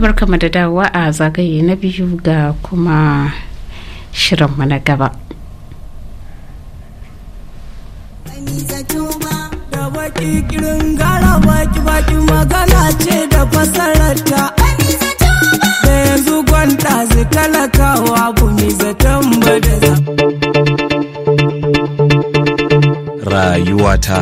to da dawowa a zagaye na biyu ga kuma shirinmu na gaba. kirkirin magana rayuwata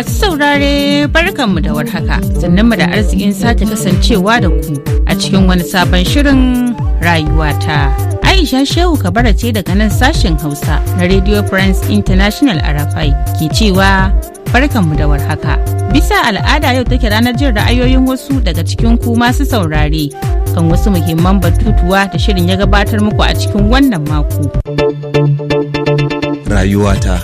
Masu saurare barkanmu da warhaka, mu da arzikin sake kasancewa da ku a cikin wani sabon shirin rayuwata. Aisha Shehu Kabara ce daga nan sashen Hausa na Radio France International Arafai ke cewa barkanmu da warhaka. Bisa al'ada yau take ranar jin ra'ayoyin wasu daga cikin ku masu saurare kan wasu muhimman batutuwa da shirin ya gabatar muku a cikin wannan mako. Rayuwata.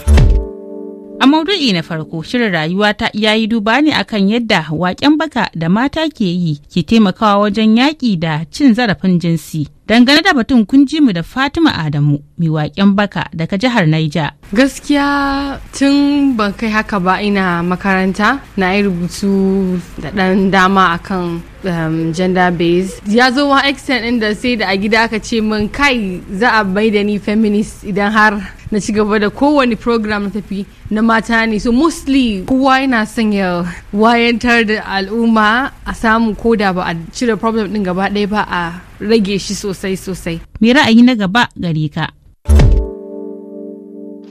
maudu'i na farko shirin ta ya yi duba ne akan yadda waƙen baka da mata ke yi ke taimakawa wajen yaƙi da cin zarafin jinsi. Dangane da batun kunji mu da Fatima Adamu mai waƙen baka daga jihar Naija. Gaskiya tun ban kai haka ba ina makaranta na yi rubutu da ɗan dama akan um, gender base. ya zo wa extent inda sai da a gida aka ce min kai za a bai da ni feminist idan har na ci gaba da kowane program na tafi na mata ne so mostly kowa yana son ya wayantar da al'umma a samu ko da ba a cire problem din gaba ɗaya ba a rage shi sosai sosai. Me ra'ayi na gaba gare ka?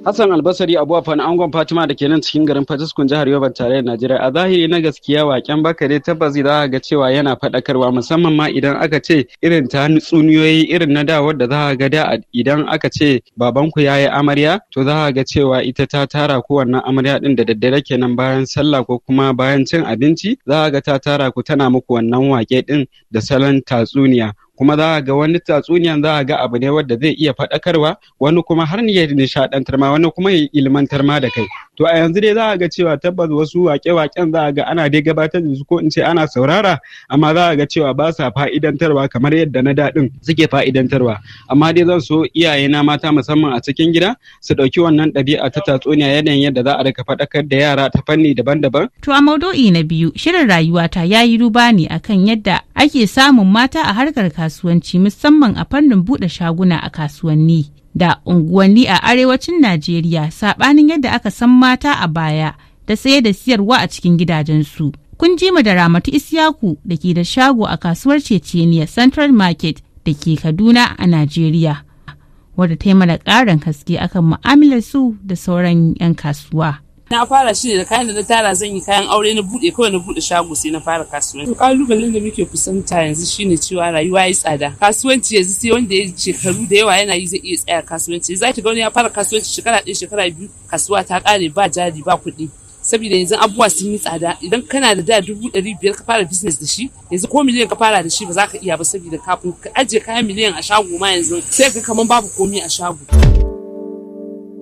Hassan Albasari Abuwa Fana Angon Fatima da ke nan cikin garin Fatiskun jihar Yobe tare da Najeriya a zahiri na gaskiya waken bakare tabbas za ga cewa yana faɗakarwa musamman ma idan aka ce irin ta tsuniyoyi irin na da wadda za ga da idan aka ce babanku ya yi amarya to za ga cewa ita ta tara ku wannan amarya din da daddare kenan bayan sallah ko kuma bayan cin abinci za ga ta tara ku tana muku wannan wake ɗin da salon tatsuniya kuma za a ga wani tatsuniyan za a ga abu ne wadda zai iya faɗakarwa wani kuma har ya nishaɗantar ma wani kuma ya ilmantar ma da kai to a yanzu dai za a ga cewa tabbas wasu wake-waken za a ga ana dai gabatar da su ko in ce ana saurara amma za a ga cewa ba sa fa'idantarwa kamar yadda na daɗin suke fa'idantarwa amma dai zan so iyaye na mata musamman a cikin gida su ɗauki wannan ɗabi'a ta tatsuniya yanayin yadda za a rika faɗakar da yara ta fanni daban-daban. To a maudu'i na biyu shirin rayuwata ya yi duba ne akan yadda ake samun mata a harkar kasuwanci musamman a fannin buɗe shaguna a kasuwanni. da unguwanni a arewacin Najeriya saɓanin yadda aka san mata a baya da saye da siyarwa a cikin gidajensu. Kun ji da Ramatu Isyaku da ke da shago a kasuwar Ceceniya Central Market da ke Kaduna a Najeriya, wadda ta yi mana ƙarin haske akan mu'amalar su da sauran 'yan kasuwa. na fara shi ne da kayan da na tara zan yi kayan aure na bude kawai na bude shago sai na fara kasuwanci kalubalen da muke kusanta yanzu shine cewa rayuwa ya tsada kasuwanci yanzu sai wanda ya shekaru da yawa yana yi zai iya tsaya kasuwanci za ki ga wani ya fara kasuwanci shekara ɗaya shekara biyu kasuwa ta ƙare ba jari ba kuɗi saboda yanzu abubuwa sun yi tsada idan kana da da dubu ɗari biyar ka fara business da shi yanzu ko miliyan ka fara da shi ba za ka iya ba saboda kafin ka ajiye kayan miliyan a shago ma yanzu sai ka kaman babu komi a shago.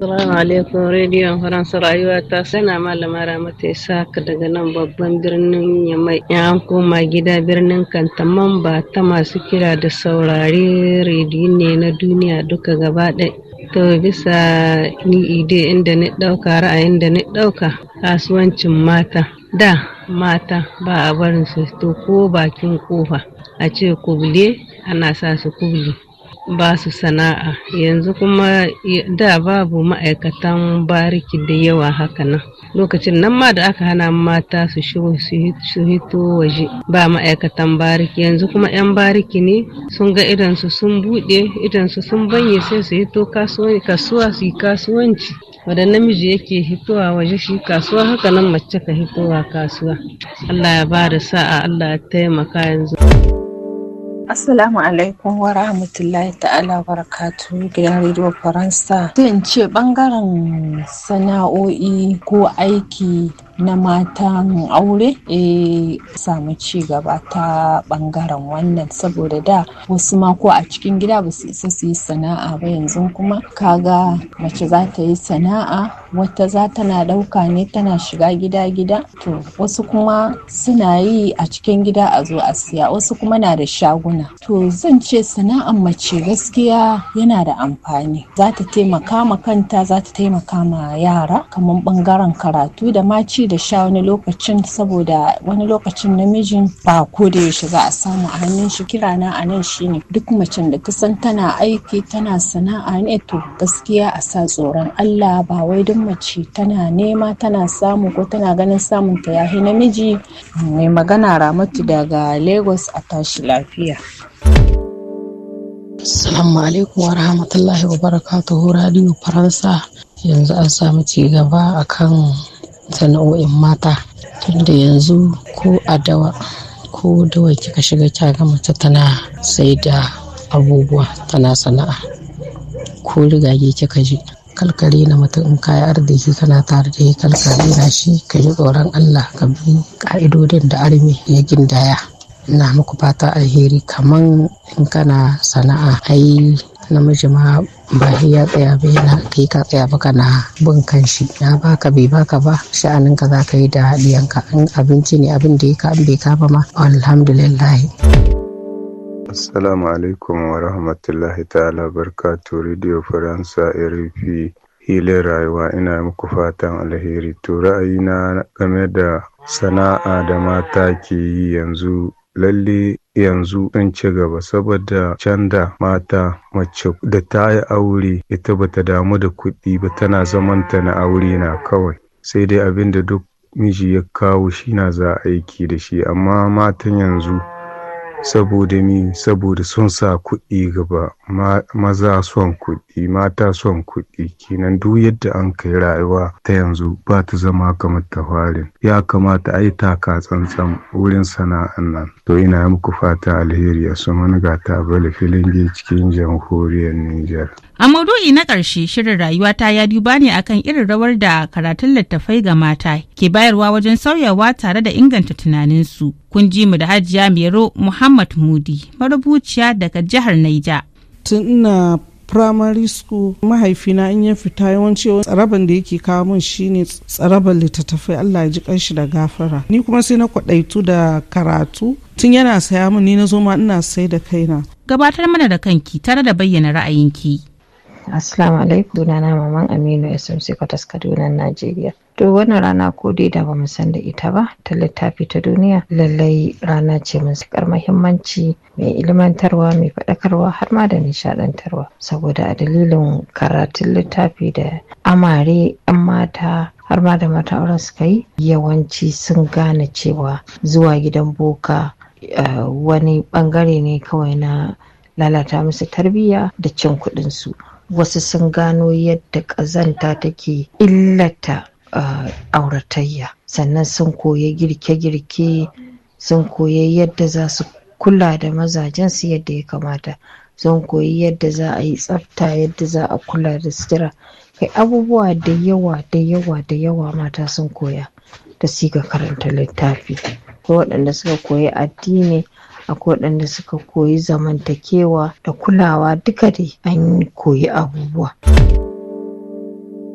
Assalamu alaikum rediyon Faransa rayuwa ta sana malama Ramata ka daga nan babban birnin Yamai koma gida birnin Kantaman ba ta masu kira da saurari rediyo ne na duniya duka gaba ɗaya. To bisa ni ide inda ni ɗauka ra'ayin da ni ɗauka kasuwancin mata. Da mata ba a barin su to ko bakin kofa a ce kubule ana sa su kubule ba su sana'a yanzu kuma da babu ma'aikatan bariki da yawa haka nan lokacin nan ma da aka hana mata su su hito waje ba ma'aikatan bariki yanzu kuma 'yan bariki ne sun ga idansu sun buɗe idansu sun banye sai su hito kasuwa su yi kasuwanci wadda namiji yake hitowa waje shi kasuwa haka nan mace ka hitowa kasuwa allah ya ba da sa'a allah ya taimaka yanzu Assalamu alaikum wa rahmatullahi ta'ala barakatu gidan rediyo Faransa. Zan ce bangaren sana'o'i ko aiki na matan aure e samu ci gaba ta bangaren wannan saboda da wasu mako a cikin gida ba su isa su yi sana'a ba yanzu kuma kaga mace za ta yi sana'a wata za tana ɗauka ne tana shiga gida-gida to wasu kuma suna yi a cikin gida a zo a siya wasu kuma na da shaguna to zan ce sana'an mace gaskiya yana da amfani za ta taimaka ma kanta za ta taimaka ma yara kamar bangaren karatu da ma ci da sha wani lokacin saboda wani lokacin namijin ba ko da yaushe za a samu a hannun shi kira na a nan shine duk macen da kusan tana aiki tana sana'a ne to gaskiya a sa tsoron Allah ba wai duk mace tana nema tana samu ko tana ganin samun ta yahi namiji mai magana Ramatu daga Lagos a tashi lafiya. Assalamu alaikum wa rahmatullahi wa barakatuhu Radio Faransa yanzu an samu ci gaba akan sana'o'in mata tunda yanzu ko a dawa ko dawa kika shiga kyaga mace tana sai da abubuwa tana sana'a ko rigage kika ji. kalkare na mutum in kayi arziki kana tare da ya kalkare na shi ka yi tsoron Allah ka bi ka'idodin da armi ya gindaya na muku fata alheri kaman in kana sana'a ai namiji ma ba shi ya tsaya ba yana kai ka tsaya ba kana bin kanshi na baka bai baka ba sha'anin ka za ka yi da diyanka in abinci ne abin da ya ka bai ka ba ma alhamdulillah Assalamu alaikum wa rahmatullahi ta'ala barkatu Radio Faransa RFI hilin rayuwa ina muku fatan alheri to ra'ayina game da sana'a da mata ke yi yanzu lalle yanzu sun ci gaba saboda canza, mata mace da ta yi aure ita ta damu da kuɗi ba tana zamanta na aure na kawai sai dai abin da duk miji ya kawo shi na za aiki da shi amma matan yanzu saboda mi saboda son sa kuɗi gaba maza son kuɗi mata son kuɗi kenan duk yadda an kai rayuwa ta yanzu ba ta zama kamar ta farin ya kamata a yi taka tsantsan wurin sana'an nan to ina muku fata alheri a su manga ta Bale, filin cikin jamhuriyar Nijar. A maudu'i na ƙarshe shirin rayuwa ta ya duba ne akan irin rawar da karatun littattafai ga mata ke bayarwa wajen sauyawa tare da inganta tunaninsu. Kun ji mu da Hajiya Mero Muhammad Mudi marubuciya daga jihar Naija. Tun ina primary school mahaifina in ya fita yawanci tsaraban da yake kawo min shine tsaraban littattafai Allah ya ji kanshi da gafara ni kuma sai na kwaɗaitu da karatu tun yana saya min ni na zo ma ina sai da kaina gabatar mana da kanki tare da bayyana ra'ayinki Assalamu alaikum sunana Maman Aminu SMC Kwatas Kaduna Najeriya. To wannan rana ko dai da ba san da ita ba ta littafi ta duniya lallai rana ce mun sakar muhimmanci mai ilmantarwa mai faɗakarwa har ma da nishaɗantarwa saboda a dalilin karatun littafi da amare 'yan mata har ma da mata auren suka yi yawanci sun gane cewa zuwa gidan boka eh, wani bangare ne kawai na lalata musu tarbiyya da cin kuɗinsu wasu sun gano yadda ƙazanta take illata uh, auratayya sannan sun koya girke-girke sun koya yadda za su kula da mazajensu yadda ya kamata sun koyi yadda za a yi tsafta yadda za a kula da sutura kai abubuwa da yawa da yawa da yawa mata sun koya Ta siga karanta littafi ko waɗanda suka koyi addini akwai waɗanda suka koyi zamantakewa da kulawa duka dai an koyi abubuwa.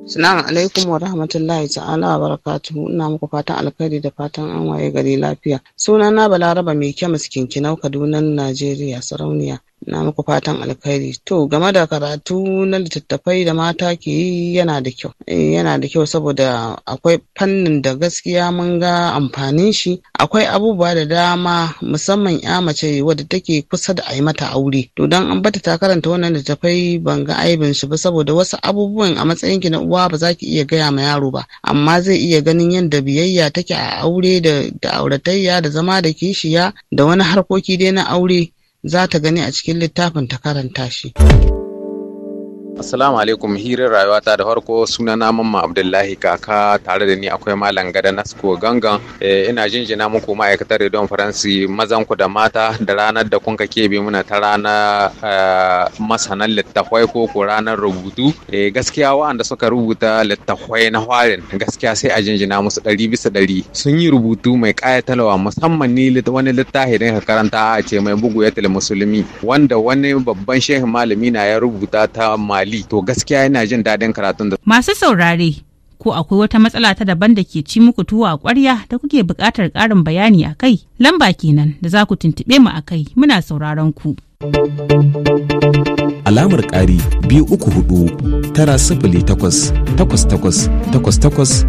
Salamu alaikum wa rahmatullahi ta'ala wa barakatu ina muku fatan alkhairi da fatan an waye gari lafiya. Sunana Balaraba mai kemis kinkinau Kaduna Najeriya sarauniya. na muku fatan alkhairi to game da karatu na littattafai da mata ke yi yana da kyau eh, yana da kyau saboda akwai fannin da gaskiya mun ga amfanin shi akwai abubuwa da dama musamman ya mace wadda take kusa da a mata aure to dan an bata ta karanta wannan littattafai ban ga aibin shi ba saboda wasu abubuwan a matsayin ki na uwa ba za ki iya gaya ma yaro ba amma zai iya ganin yadda biyayya take a aure da auratayya da zama da kishiya da wani harkoki dai na aure za ta gani a cikin littafin ta karanta shi Assalamu alaikum hirin ta, da farko suna na mamma Abdullahi kaka tare da ni akwai malam gada Nasko gangan eh, ina jinjina muku ma'aikatar Redon Faransi mazan ku da mata da ranar da kun ka kebe muna ta rana eh, masanan littafai ko ko ranar rubutu eh, gaskiya waɗanda suka rubuta littafai na harin gaskiya sai a jinjina musu ɗari bisa ɗari sun yi rubutu mai ƙayatarwa musamman ni wani littafi da ka karanta a ce mai bugu ya musulmi wanda wani babban shehin malami na ya rubuta ta mali to gaskiya yana jin daɗin karatun da masu saurare ko akwai wata matsala ta daban da ke ci muku tuwo a ƙwarya da kuke buƙatar ƙarin bayani a kai lamba kenan da za ku tuntuɓe mu a kai muna sauraron ku. Alamar ƙari biyu uku hudu tara sifili takwas takwas takwas takwas takwas